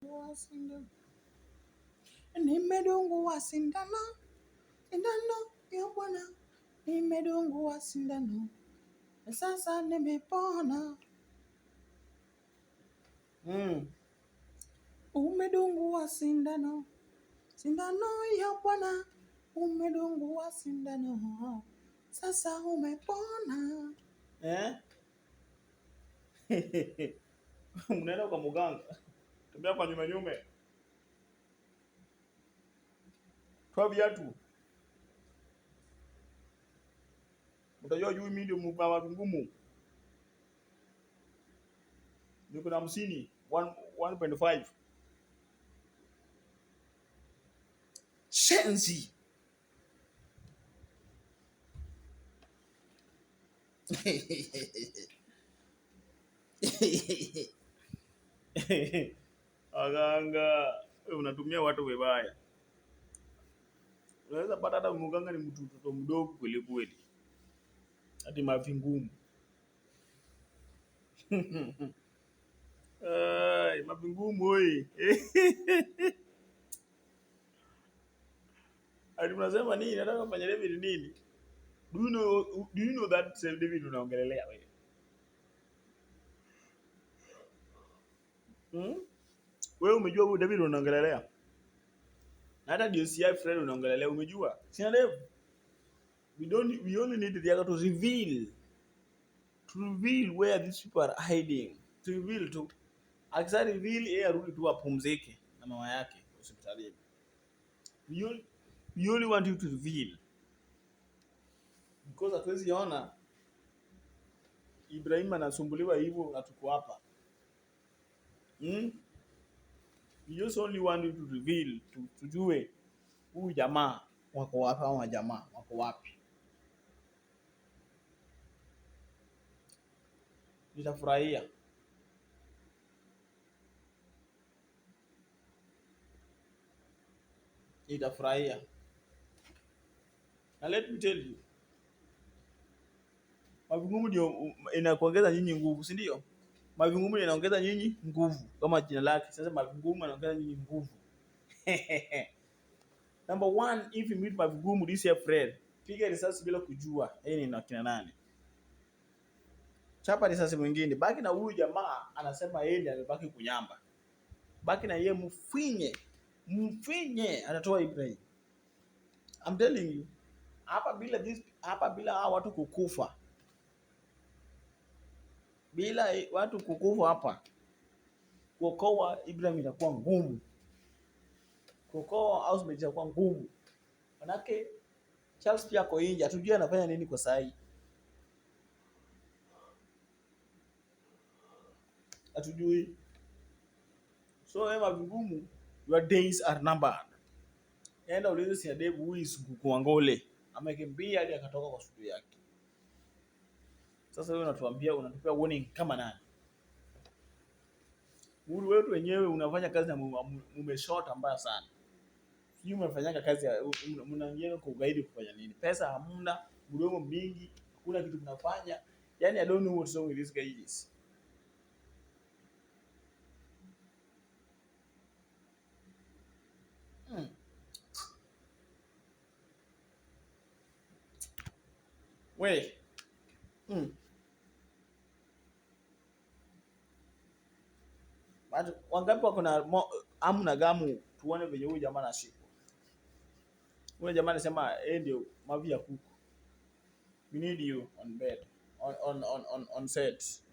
Nimedungwa sindano. sindano. Sindano ya Bwana. Nimedungwa sindano. Na sasa nimepona. Mm. Umedungwa sindano. Sindano ya Bwana. Umedungwa sindano. Sasa umepona. Eh? Unaenda kwa muganga tembea kwa nyume nyume, toa viatu. Utajua juu mimi ndio mpa watu ngumu, niko na hamsini 1.5 sensi waganga eh, unatumia watu vibaya. Unaweza pata hata mganga ni mtu mtoto mdogo kweli kweli, hadi mavi ngumu mavi ngumu oi hadi unasema nini, nataka kufanya David nini? Do you know, do you know that self David unaongelelea wewe? Hmm? Wewe umejua huyu David unaongelelea? Na hata DCI friend unaongelelea umejua? Sina ndevu. We don't we only need the other to reveal. To reveal where these people are hiding. To reveal to Akisa reveal yeye arudi tu apumzike na mama yake hospitalini. We only, we only want you to reveal. Because hatuwezi ona Ibrahim anasumbuliwa hivyo na tuko hapa. Mm? He just only wanted to reveal to tujue huyu jamaa wako wapi, au majamaa wako wapi. Nitafurahia nitafurahia, na let me tell you, mazungumzo ndio inakuongeza nyinyi nguvu, si ndio? Mavingumu yanaongeza nyinyi nguvu, kama jina lake. Sasa mavingumu yanaongeza nyinyi nguvu. Number one, if you meet mavingumu this year friend, piga risasi bila kujua yeye ni kina nani. Chapa risasi mwingine, baki na huyu jamaa anasema yeye amebaki kunyamba, baki na yeye, mfinye mfinye, anatoa Ibrahim. I'm telling you hapa bila this hapa bila hawa watu kukufa bila watu kukufa hapa, kuokoa Ibrahim itakuwa ngumu, kuokoa Ahmed itakuwa ngumu, manake Charles pia ako nje, hatujui anafanya nini kwa saa hii, hatujui. So hema vigumu, your days are numbered. Enda ulize Siadebu, huyu Sukuku Angole amekimbia hadi akatoka kwa studio yake. Sasa wewe unatuambia unatupea warning kama nani? Uhuru wetu wenyewe unafanya kazi na umeshota mbaya sana. Sijui mnafanyaga kazi mnaingia kwa ugaidi kufanya nini? Pesa hamna, mdomo mingi, hakuna kitu mnafanya. Yaani I don't know what song this guy is. Hmm. Wait. Hmm. wangapi wako na hamu na gamu, tuone venye huyu jamaa anashika. Huyu jamaa anasema eh, ndio mavi ya kuku. We need you on bed on, on, on, on set